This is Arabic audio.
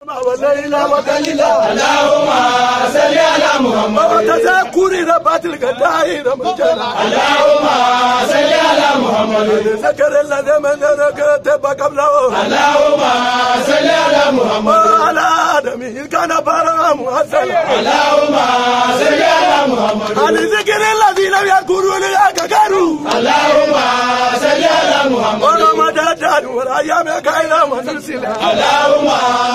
اللهم صل على محمد وتذكر ربات القدائر مجانا اللهم صل على محمد ذكر الذي من ركت قبله اللهم صل على محمد وعلى آدمه كان برا مؤثلا اللهم صل على محمد على ذكر الذي لم يذكرون يذكروا اللهم صل على محمد ولما دجال والايام كاينه وسلسله اللهم